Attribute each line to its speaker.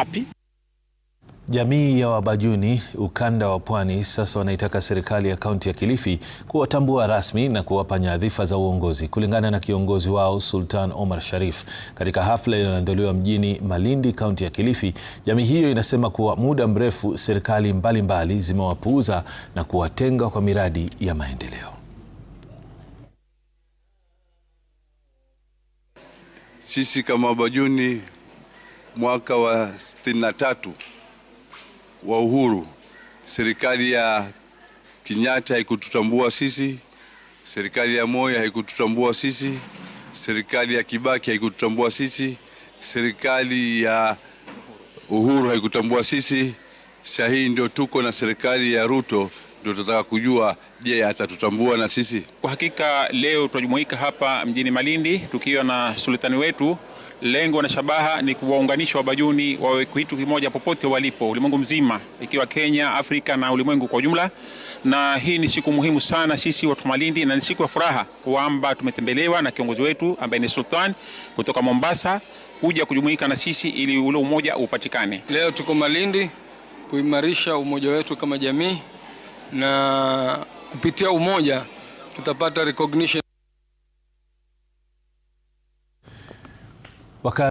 Speaker 1: wapi?
Speaker 2: Jamii ya Wabajuni ukanda wa Pwani sasa wanaitaka serikali ya kaunti ya Kilifi kuwatambua rasmi na kuwapa nyadhifa za uongozi. Kulingana na kiongozi wao Sultan Omar Sharif, katika hafla iliyoandaliwa mjini Malindi, kaunti ya Kilifi, jamii hiyo inasema kuwa muda mrefu serikali mbalimbali zimewapuuza na kuwatenga kwa miradi ya maendeleo.
Speaker 3: Sisi kama Wabajuni mwaka wa 63 wa uhuru, serikali ya Kinyata haikututambua sisi, serikali ya Moi haikututambua sisi, serikali ya Kibaki haikututambua sisi, serikali ya Uhuru haikutambua sisi. Sasa hii ndio tuko na serikali ya Ruto, ndio tunataka kujua, je, atatutambua na sisi?
Speaker 4: Kwa hakika leo tunajumuika hapa mjini Malindi tukiwa na sultani wetu Lengo na shabaha ni kuwaunganisha wabajuni wawe kitu kimoja popote walipo ulimwengu mzima, ikiwa Kenya, Afrika na ulimwengu kwa ujumla. Na hii ni siku muhimu sana sisi watu Malindi, na ni siku ya furaha kwamba tumetembelewa na kiongozi wetu ambaye ni Sultan kutoka Mombasa kuja kujumuika na sisi ili ule umoja upatikane.
Speaker 5: Leo tuko Malindi kuimarisha umoja wetu kama jamii, na kupitia umoja tutapata recognition ఒక